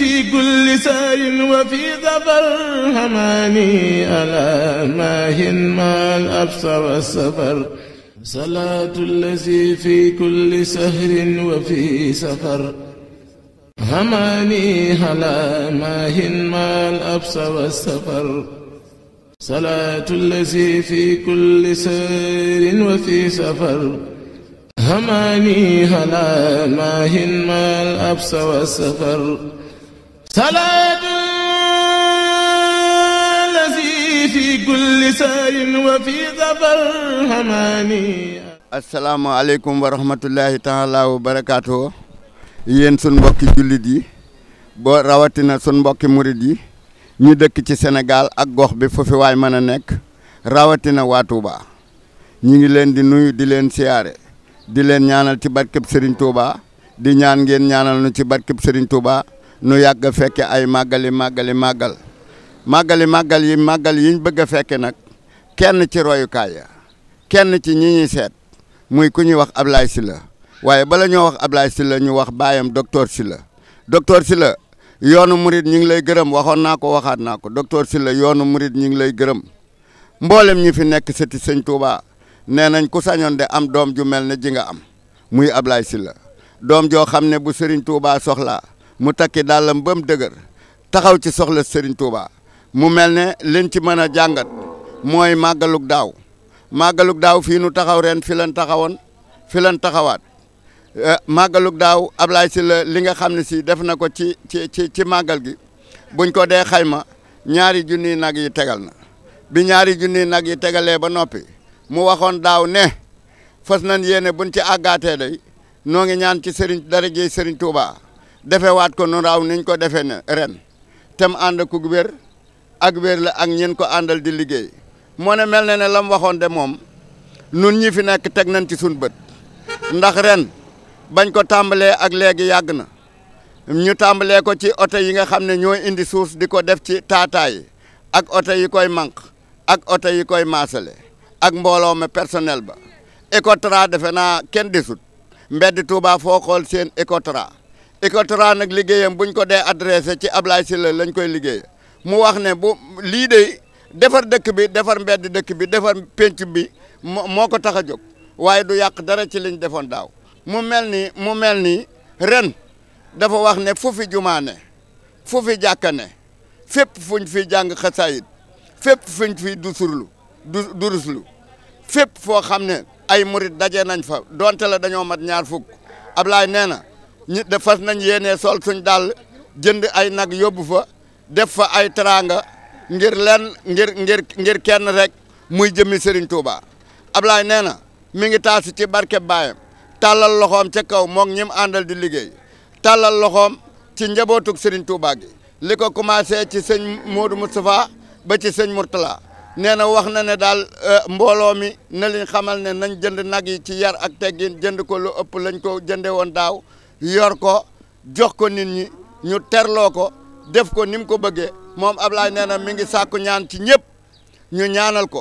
في كل سار وفي ظفر هماني ألا ماهن ما الأبصر والسفر صلاة الذي في كل سهر وفي سفر هماني هلا ماهن ما الأبصر والسفر صلاة الذي في كل سير وفي سفر هماني هلا ماهن ما الأبصر والسفر salaat lazi fi kulli saarin wa fi safar hamani asalaamaaleykum wa rahmatullahi taala wa barakaatu yéen sun mbokki jullit yi boo rawatina sun mbokki murit yi ñu dëkk ci Sénégal ak gox bi fu fi waay mën a nekk rawatina waa Touba ñu ngi leen di nuyu di leen siyaare di leen ñaanal ci barkeb Serigne Touba di ñaan ngeen ñaanal nu ci barkeb sëriñ Touba nu yàgg a fekke ay màggali màggali màggal màggali màggal yi màggal yiñ bëgg a fekke nag kenn ci royukaay ya kenn ci ñi seet muy ku ñuy wax Ablaye Sylla waaye bala ñoo wax Ablaye Sylla ñu wax baayam docteur Sylla docteur Sylla yoonu murit ñu ngi lay gërëm waxoon naa ko waxaat naa ko docteur Sylla yoonu murit ñu ngi lay gërëm mboolem ñi fi nekk sëti sëñ Touba nee nañ ku sañoon de am doom ju mel ne ji nga am muy Ablaye Sylla doom joo xam ne bu Serigne Touba soxlaa mu takki dàllam ba mu dëgër taxaw ci soxla sëriñ Touba mu mel ne liñ ci mën a jàngat mooy màggalug daaw màggalug daaw fii nu taxaw ren fi lan taxawoon fi lan taxawaat eh, màggalug daaw Ablaye si la li nga xam ne si def na ko ci ci ci ci màggal gi buñ ko dee xayma ñaari junniy nag yi tegal na bi ñaari junniy nag yi tegalee ba noppi mu waxoon daaw ne fas na yéene buñ ci àggaatee day noo ngi ñaan ci Serigne dara jëy Serigne Touba. defewaat ko nu raaw niñ ko defee ne ren tem ànd ku wér ak wér la ak ñeen ko àndal di liggéey moo ne mel na ne lam waxoon de moom nun ñi fi nekk teg nañ ci suñ bët ndax ren bañ ko tàmbalee ak léegi yàgg na ñu tàmbalee ko ci oto yi nga xam ne ñoo indi suuf di ko def ci taataay ak oto yi koy manq ak oto yi koy maasale ak mbooloo ma personnel ba Ecotra defe naa kenn desut mbedd Touba foo xool seen Ecotra Ecotra nag liggéeyam buñ ko dee adressé ci Ablaye Sylla lañ koy liggéey mu wax ne bu lii de defar dëkk bi defar mbedd dëkk bi defar penc bi moo ko tax a jóg waaye du yàq dara ci liñ defoon daaw mu mel ni mu mel ni ren dafa wax ne fu fi jumaane fu fi jàkkane fépp fuñ fi jàng xasaayit fépp fuñ fi dusurlu du duruslu fépp foo xam ne ay murit daje nañ fa donte la dañoo mat ñaar fukk Ablaye nee na ñi de nañ yéenee sol suñ dàll jënd ay nag yóbbu fa def fa ay teraanga ngir lenn ngir ngir ngir kenn rek muy jëmi Serigne Touba Ablaye nee na mi ngi taasu ci barke baayam tàllal loxoom ca kaw moog ñim àndal di liggéey tàllal loxoom ci njabootug Serigne Touba gi li ko commencé ci sëñ Modou Moustapha ba ci sëñ Mourtala nee na wax na ne daal euh, mbooloo mi na xamal ne nañ jënd nag yi ci yar ak teggin jënd ko lu ëpp lañ ko jënde woon daaw yor ko jox ko nit ñi ñu terloo ko def ko ni ko bëggee moom Ablaye nee na mi ngi sàkku ñaan ci ñëpp ñu ñaanal ko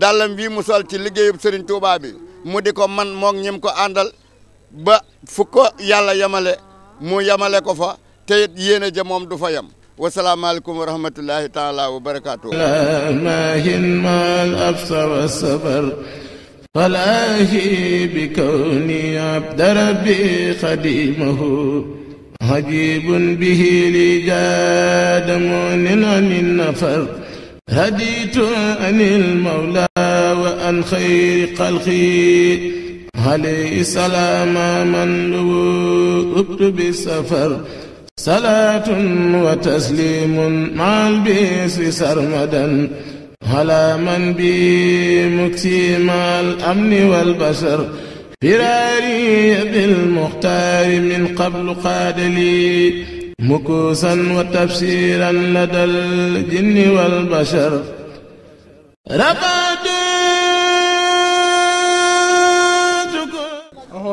dàllam bii mu sol ci liggéeyub Serigne Touba bi mu di ko man moog ñim ko àndal ba fu ko yàlla yemale mu yamale ko fa te yéene ja moom du fa yem wasalaamaaleykum wa rahmatullahi taala wa barakaatu. فلاهي بكوني عبد ربي خديمه عجيب به لي جاد مؤمن عن النفر هديت عن المولى وعن خير خلقي عليه السلام من لوؤت بالسفر صلاة وتسليم مع البيس سرمدا هلا من بي مكسيم الأمن والبشر فراري بالمختار من قبل قاد لي مكوسا وتفسيرا لدى الجن والبشر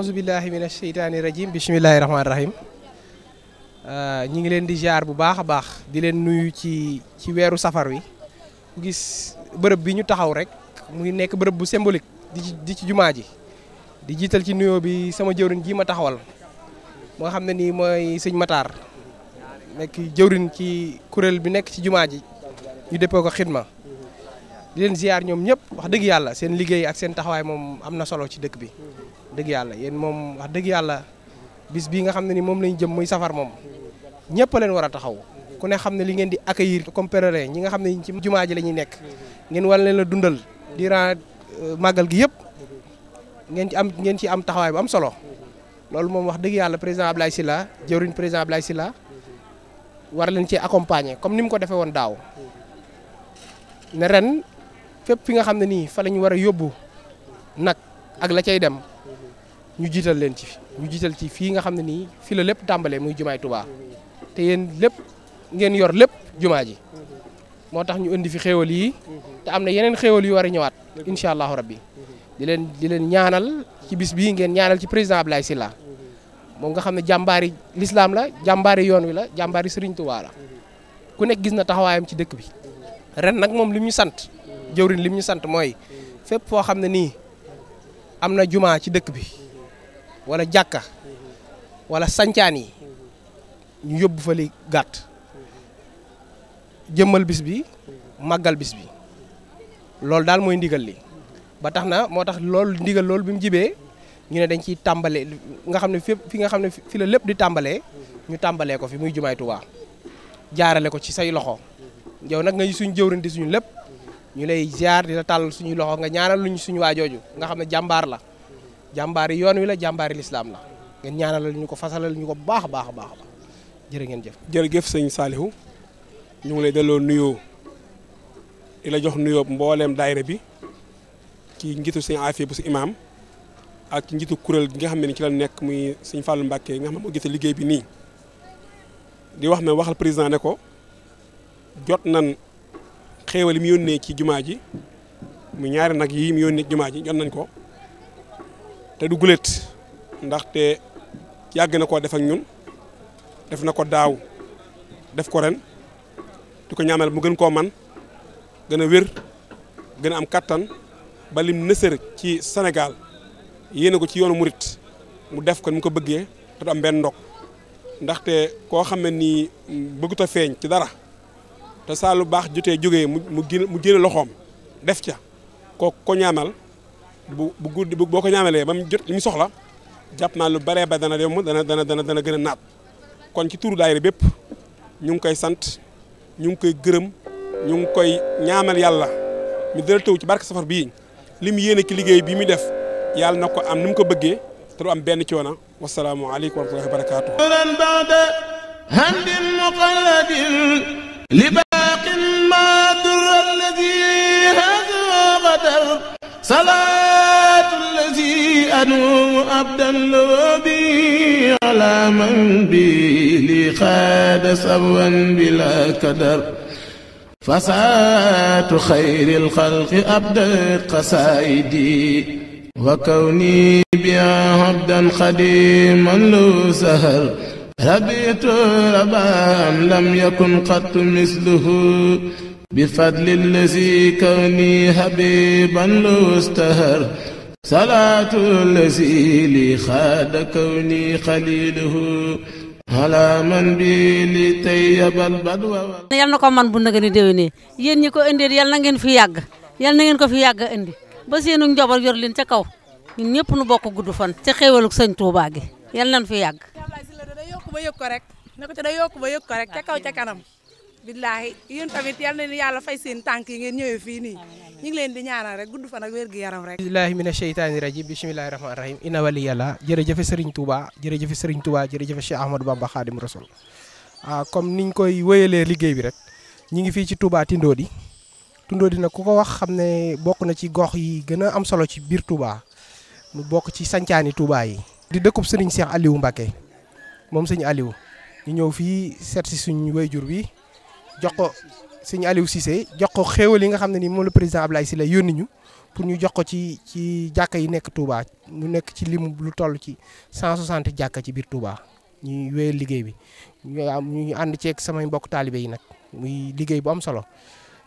auzu billahi mina sheytaani rajim bisimilahi rahmaani rahim ñi ngi leen di jaar bu baax a baax di leen nuyu ci ci weeru safar wi ku gis bërëb bi ñu taxaw rek muy nekk bërëb bu symbolique di ci di ci jumaa ji di jiital ci nuyo bi sama jëwriñ ji ma taxawal moo xam ne nii mooy sëñ mataar nekk jëwriñ ci kuréel bi nekk ci jumaa ji ñu déppee ko xidma di leen ziar ñoom ñëpp wax dëgg yàlla seen liggéey ak seen taxawaay moom am na solo ci dëkk bi dëgg yàlla yéen moom wax dëgg yàlla bis bii nga xam ne ni moom lañ jëm muy safar moom ñëpp leen war a taxaw ku ne xam ne li ngeen di accueillir comme pèlerin ñi nga xam ne ci jumaa ji la nekk ngeen war leen la dundal di durant euh, màggal gi yëpp ngeen ci am ngeen ci am taxawaay bu am solo loolu moom wax dëgg yàlla président si la jëwriñ président si la war leen ci accompagner comme ni mu ko defee woon daaw ne ren fépp fi nga xam ne nii fa la war a yóbbu nag ak la cay dem ñu jiital leen ci ñu jiital ci fii nga xam ne nii fi la lépp tàmbalee muy jumaay Tuubaa ngeen yor lépp jumaa ji moo tax ñu indi fi xéewal yi te am na yeneen xéewal yu war a ñëwaat incha allahu rabbi di leen di leen ñaanal ci bis bi ngeen ñaanal ci président Abdoulaye Sylla moom nga xam ne jàmbaari lislaam la jàmbaari yoon wi la jàmbaari Serigne Touba la ku nekk gis na taxawaayam ci dëkk bi ren nag moom lim ñu sant jëwrin lim ñu sant mooy fépp foo xam ne nii am na jumaa ci dëkk bi wala jàkka wala sancaan yi ñu yóbbu fa li gàtt jëmmal bis bi màggal bis bi loolu daal mooy ndigal li ba tax na moo tax loolu ndigal lool bi mu jibee ñu ne dañ ciy tàmbalee nga xam ne fépp fi nga xam ne fi la lépp di tàmbalee ñu tàmbalee ko fi muy jumaay Tuubaa jaarale ko ci say loxo yow nag nga suñ jëwriñ di suñu lépp ñu lay ziar di la tàllal suñuy loxo nga ñaanal ñu suñu waajooju nga xam ne jàmbaar la jàmbaar yoon wi la jàmbaar yi lislaam la ngeen ñaanalal ñu ko fasalal ñu ko baax baax baax baax jërë ngeen jëf jërëjëf sëñ Saliou ñu ngi lay delloo nuyoo di la jox nuyoo mbooleem daayira bi ci njiitu sëñ Afia bu si imaam ak ci njiitu kuréel gi nga xam ne ci la nekk muy sëñ Fallou Mbacké nga xam ne moo gisee liggéey bi nii di wax ne waxal président ne ko jot nan xéewal yi mu yónnee ci jumaa ji mu ñaari nag yi mu yónnee ci jumaa ji jot nañ ko te du guléet ndaxte yàgg na koo def ak ñun def na ko daaw def ko ren di ko ñaanal mu gën koo man gën a wér gën a am kattan ba lim nësër ci senegal yéene ko ci yoonu murit mu def ko ni mu ko bëggee te am benn ndog ndaxte koo xam ne nii bëggut a feeñ ci dara te saa lu baax jotee jóge mu mu gën mu jëlee loxoom def ca kooku ko ñaanal bu bu guddi boo ko ñaanalee ba mu jot li soxla jàpp naa lu baree ba dana dem dana dana dana gën a naat kon ci turu daayira bépp ñu ngi koy sant. ñu ngi koy gërëm ñu ngi koy ñaanal yàlla mi dara taw ci barke safar bii li mu yéene ci liggéey bi mu def yàlla na ko am ni mu ko bëggee te du am benn coono wasalaamu aleykum wa rahmatullahi wa barakaatu bada handin muqalladin li baaqin ma dur alladi hada qadar salaatu alladi anu abdan bi ala man bi قاد سبوا بلا كدر فساة خير الخلق أبدت قصائدي وكوني بها عبدا خديما لو سهر ربيت ربا لم يكن قط مثله بفضل الذي كوني حبيبا لو استهر صلاة الذي لي خاد كوني خليله man bi li tey yabal badwa yal na ko man bu naga ni déwénee yéen ñi ko indee yal na ngeen fi yàgg yal na ngeen ko fi yàgg indi ba seenu njaboot yor leen ca kaw ñun ñëpp nu bokk gudd fan ca xéewaluk sëñ Touba gi yal nañ fi yàgg. yokk ba yëg ko rek ne ko ca yokk ba yëg ko rek ca kaw ca kanam. billaahi yéen tamit yal na yàlla fay seen tànk yi ngeen ñëwee fii nii ñu leen di ñaanal rek gudd fan ak wér gi yaram rek bismillahi mina sheytaani rajim bismillahi rahmaani rahim inna wali yàlla jërëjëfe Serigne Touba jërëjëfe Serigne Touba jërëjëfe Cheikh Ahmadou Bamba Khadim Rasoul ah comme niñ koy wéyalee liggéey bi rek ñu ngi fii ci Touba Tindodi Tindodi nag ku ko wax xam ne bokk na ci gox yi gën a am solo ci biir Touba mu bokk ci sancaani Touba yi di dëkkub Serigne Cheikh Aliou Mbacké moom sëñ Aliou ñëw fii seet si suñu wayjur bi jox ko sëñ Aliou Cissé jox ko xéewal yi nga xam ne nii moom la président Ablaye Sylla yónni pour ñu jox ko ci ci jàkka yi nekk Touba mu nekk ci limu lu toll ci 160 jàkka ci biir Touba ñuy wéyal liggéey bi ñu am ñu ànd ceeg samay mbokk taalibe yi nag muy liggéey bu am solo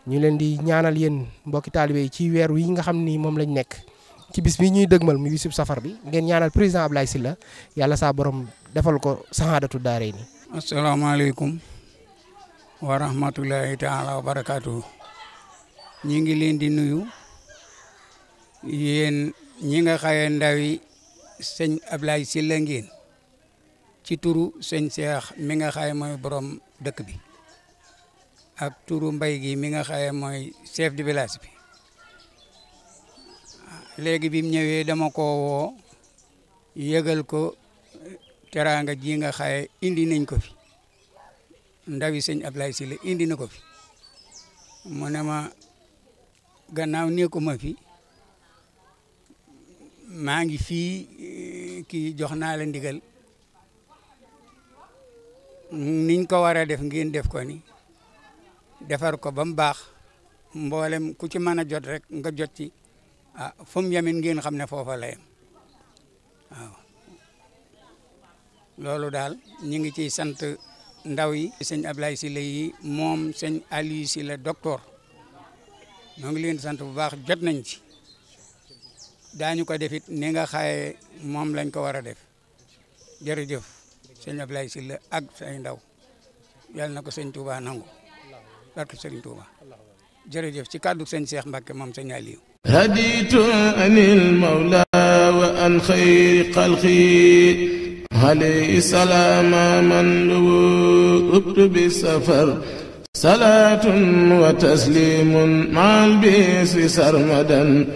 ñu leen di ñaanal yéen mbokki taalibe ci weer wi nga xam ni moom lañ nekk ci bis bi ñuy dëgmal mu bisub safar bi ngeen ñaanal président Ablaye Sylla yàlla saa borom defal ko saxaadatu daaree nii. asalaamaaleykum. wa rahmatulahi taala wa barakaatu ñi ngi leen di nuyu yéen ñi nga xaye ndawi sëñ Ablaye Sylla ngeen ci turu sëñ Cheikh mi nga xaye mooy borom dëkk bi ak turu mbay gi mi nga xaye mooy chef de village bi léegi bi mu ñëwee dama ko woo yëgal ko teraanga ji nga xaye indi nañ ko fi ndawi sëñ Ablaye Sylla indi na ko fi mu ne ma gannaaw nekkuma fi maa ngi fii eh, kii jox naa la ndigal niñ ko war a def ngeen def ko ni defar ko ba mu baax mboolem ku ci mën a jot rek nga jot ci ah fu mu yamin xam ne foofa la yem waaw daal ñu ngi ciy ndaw yi sëñ Ablaye Sylla yi moom sëñ ali Sylla docteur ñoo ngi leen sant bu baax jot nañ ci daañu ko defit ni nga xaye moom lañ ko war a def jërëjëf sëñ Ablaye Sylla ak say ndaw yàlla na ko sëñ Touba nangu barke sëñ Touba jërëjëf ci kàddu sëñ Cheikh Mbacke moom sëñ Aliou haditu anil mawla wa an xayri xalqi عليه سلام من له أكتب السفر صلاة وتسليم مع البيس سرمدا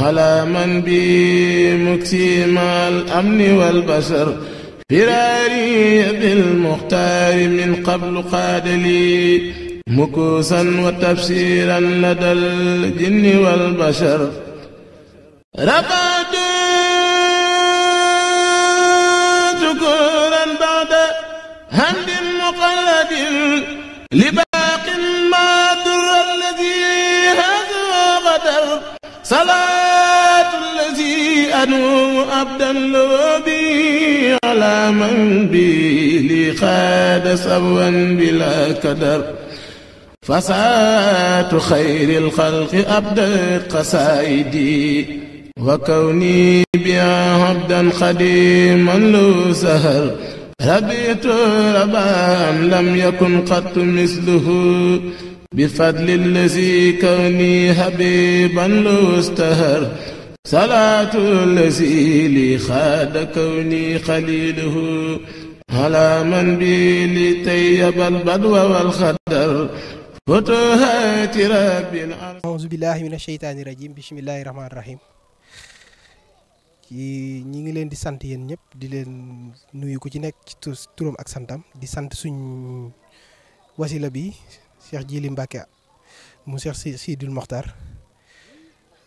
على من بي مكسيم الأمن والبشر فراري بالمختار من قبل قاد لي مكوسا وتفسيرا لدى الجن والبشر ربا شكورا بعد هند مقلد لباق ما در الذي هذا غدر صلاة الذي أنوم أبدا لبي على من بي لي خاد سوا بلا كدر فساة خير الخلق أبدا قصائدي وكوني بها عبدا قديما له سهر ربيت ربا لم يكن قط مثله بفضل الذي كوني حبيبا له استهر صلاة الذي لي خاد كوني خليله على من بي لطيب البدو والخدر فتوهات رب العرش أعوذ بالله من الشيطان الرجيم بسم الله الرحمن الرحيم ci ñi ngi leen di sant yéen ñëpp di leen nuyu ku ci nekk ci turam ak santam di sant suñ wasila bi Cheikh jiili Mbacke mu Cheikh Sidul Mokhtar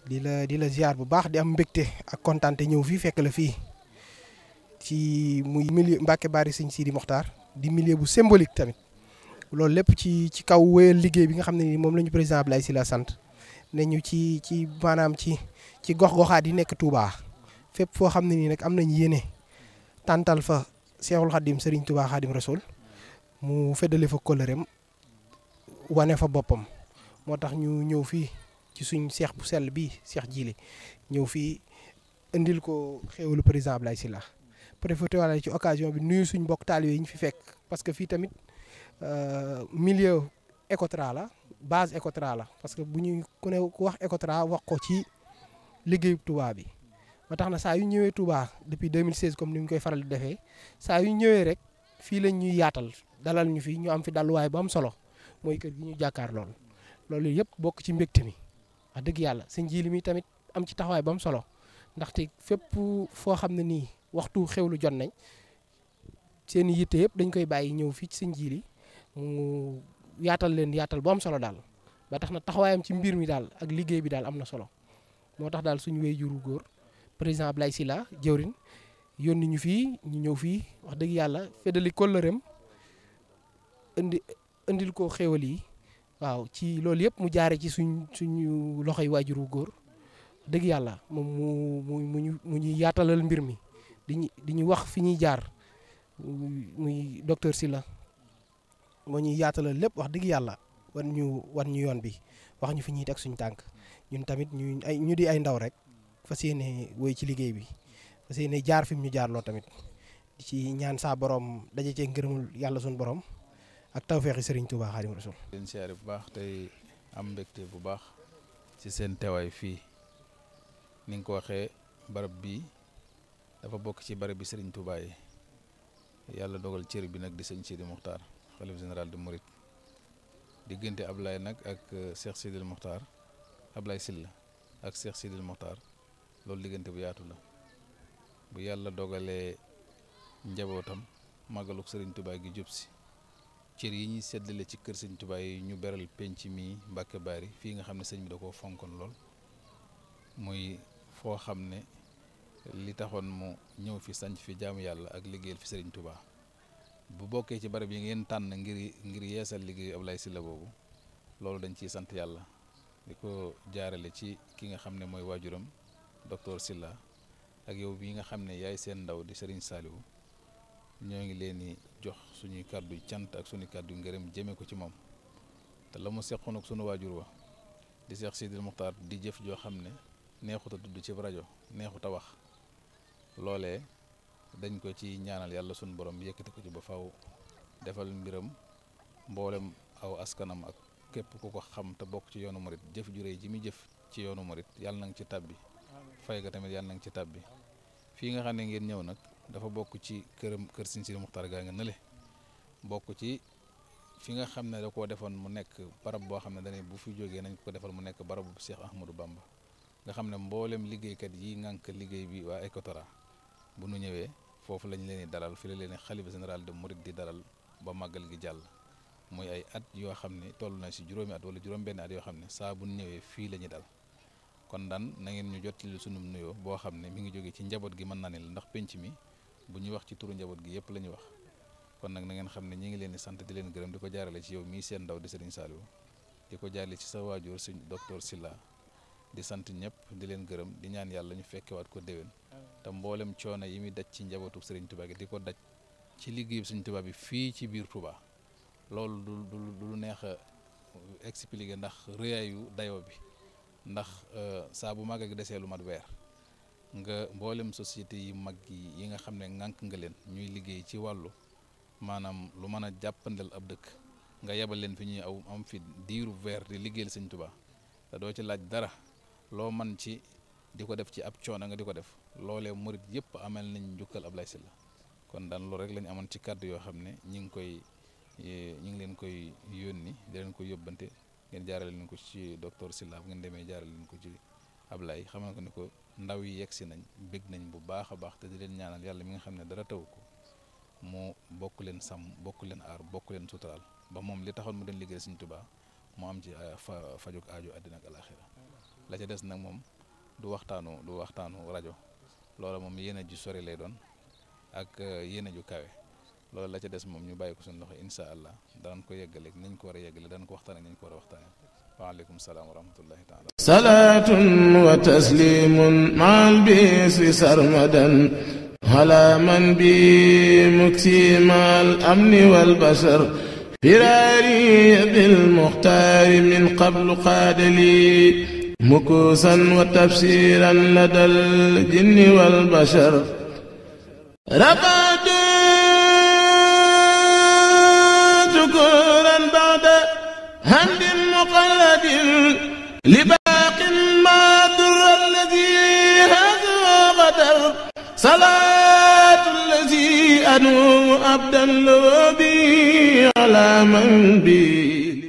di la di la ziar bu baax di am mbégte ak kontaante ñëw fii fekk la fii ci muy milieu Mbacke Bari Sëñ Sidi Mokhtar di milieu bu symbolique tamit loolu lépp ci ci kaw wéyal liggéey bi nga xam ne ni moom la ñu président si Sylla sant ne ñu ci ci maanaam ci ci gox-goxaat yi nekk Touba. fépp foo xam ne nii nag am nañ yéene tàntal fa Seexul Xadim Serigne Touba Xadim Rasul mu feddale fa kóllëreem wane fa boppam moo tax ñu ñëw fii ci suñ seex bu sell bii seex jiili ñëw fii indil ko par xéewalu président Ablaye Sylla profité wala ci occasion bi nuyu suñ mbokk taalibe yi ñu fi fekk parce que fii tamit euh, milieu Ecotra la base Ecotra la parce que bu ñuy ku ne ku wax Ecotra wax ko ci liggéeyu Touba bi ba tax na saa yu ñëwee Touba depuis 2016 comme ni ñu koy faral di defee saa yu ñëwee rek fii lañ ñuy yaatal dalal ñu fi ñu am fi dalluwaay bu solo mooy kër gi ñu jàkkaar loolu yëpp bokk ci mbégte mi wax dëgg yàlla sëñ Jili mi tamit am ci taxawaay bu am solo ndaxte fépp foo xam ne nii waxtu xewlu jot nañ seen yitte yëpp dañ koy bàyyi ñëw fii ci sëñ Jili mu yaatal leen yaatal bu am solo daal ba na taxawaayam ci mbir mi daal ak liggéey bi am na solo moo tax daal suñu wéy góor président Ablaye Sylla jëwrin yónni ñu fii ñu ñëw fii wax dëgg yàlla feddali kóllëreem indi indil ko xéwal yi waaw ci loolu yëpp mu jaare ci suñ suñu loxoy waajuru góor dëgg yàlla moom mu mu mu mu ñuy yaatalal mbir mi di di ñu wax fi ñuy jaar muy docteur Sylla moo ñuy yaatalal lépp wax dëgg yàlla wan ñu wan ñu yoon bi wax ñu fi ñuy teg suñu tànk ñun tamit ñu ay ñu di ay ndaw rek fa yéene woy ci liggéey bi fas yéene jaar fi mu ñu jaarloo tamit ci ñaan saa boroom daje cee ngërëmul yàlla suñu borom ak tawféexi sëriñ Touba Xaadimu Rasuul. leen bu baax tey am mbégte bu baax ci seen teewaay fii ni nga ko waxee barab bi dafa bokk ci barab bi sëriñ Touba yàlla dogal cër bi nag di sëñ Sidi Muxtaar xalif général di Mouride diggante Ablaye nag ak euh, Cheikh Sidil Muxtaar Ablaye Sylla ak Cheikh Sidil Muxtaar loolu diggante bu yaatu la bu yàlla dogalee njabootam màggaluk sëriñ tubaa gi jub si cër yi ñuy seddale ci kër sëñ Tuubaa yi ñu beral penc mi Mbàkke Baari fii nga xam ne sëñ bi da koo fonkoon lool muy foo xam ne li taxoon mu ñëw fi sanc fi jaamu yàlla ak liggéeyal fi sëriñ Tuubaa bu bokkee ci barab yi ngeen tànn ngir ngir yeesal liggéeyu Ablaye Sylla boobu loolu dañ ciy sant yàlla di ko jaarale ci ki nga xam ne mooy waajuram docteur Silla ak yow bii nga xam ne yaay seen ndaw di Serigne Saliou ñoo ngi leen di jox suñuy kàddu cant ak suñu kàddu ngërëm jëmee ko ci moom te la mu seqoon ak sunu waajur wa di Seex Sidil Muxtaar di jëf joo xam ne neexut a dudd ci rajo neexut a wax loolee dañ ko ci ñaanal yàlla sunu borom yëkkati ko ci ba faw defal mbiram mboolem aw askanam ak képp ku ko xam te bokk ci yoonu murit jëf juree ji mu jëf ci yoonu murit yàlla na nga ci tàbbi fay ga tamit yàlla na nga ci tàbbi fii nga xam ne ngeen ñëw nag dafa bokk ci këram kër Sëriñ Sidi Muxtaar gaa nga nële bokk ci fi nga xam ne da koo defoon mu nekk barab boo xam ne dañuy bu fi jógee nañ ko defal mu nekk barabu Cheikh Ahmadou Bamba nga xam ne mboolem liggéeykat yi ngànk liggéey bi waa Ecotra bu nu ñëwee foofu lañu leen di dalal fi la leen xalifa général de Mouride di dalal ba màggal gi jàll mooy ay at yoo xam ne toll na si juróomi at wala juróom yoo xam ne saa bu ñëwee fii la ñuy dal kon ndan nangeen ngeen ñu jottali sunum nuyoo boo xam ne mi ngi jóge ci njaboot gi mën naa ne la ndax pénc mi bu ñuy wax ci turu njaboot gi yëpp la ñuy wax kon nag na ngeen xam ne ñi ngi leen di sant di leen gërëm di ko jaarale ci yow mii seen ndaw di Serigne Saliou di ko jaarale ci sa waajur si docteur Silla di sant ñëpp di leen gërëm di ñaan yàlla ñu fekkewaat ko déwén te mboolem coono yi muy daj ci njabootu Serigne Touba gi di ko daj ci liggéeyu Serigne Touba bi fii ci biir Touba loolu du du lu neex a expliquer ndax rëyaayu dayoo bi ndax euh, saa bu màggal gi desee lu mat weer nga mboolem société yi mag yi nga xam ne ŋànk nga leen ñuy liggéey ci wàllu maanaam lu mën a jàppandal ab dëkk nga yebal leen fi ñuy aw am fi diiru weer di liggéeyal Sëñ Tuubaa te doo ci laaj dara loo man ci di ko def ci ab coono nga di ko def loole murit yëpp amel nañ njukkal ab Ablaye la kon daan loolu rek lañ amoon ci kàddu yoo xam ne ñi ngi koy eh, ñi ngi leen koy yónni di leen koy yóbbante ngeen jaarale leen ko ci docteur Sylla bu ngeen demee jaarale leen ko ci Ablaye xamal ko ni ko ndaw yi yegg si nañ bég nañ bu baax a baax te di leen ñaanal yàlla mi nga xam ne dara taw ko mu bokk leen sam bokk leen aar bokk leen suturaal ba moom li taxoon mu doon liggéey Sëriñ Tuubaa mu am ci euh, fa fajuk aajo àddina ak alaaxira la ca des nag moom du waxtaanu du waxtaanu rajo loola moom yéen a ju sori lay doon ak euh, yéen ju kawe. loolu la ca des moom ñu bàyyi ko suñu loxo incha allah daan ko yeggaleeg nañ ko war a yeggale daan ko waxtaanee nañ ko war a waxtaanee waaleykum salaam wa rahmatullahi taala salaatun wa taslimun maal bisi sarmadan ala man bi muksimal amni wal bashar firaari bil muxtaari min qablu qaadali mukuusan wa tafsiran ladal jinni wal bashar شكورا بعد هند مقلد لباق ما در الذي هذا غدر صلاة الذي أنوم أبدا لو بي على من بي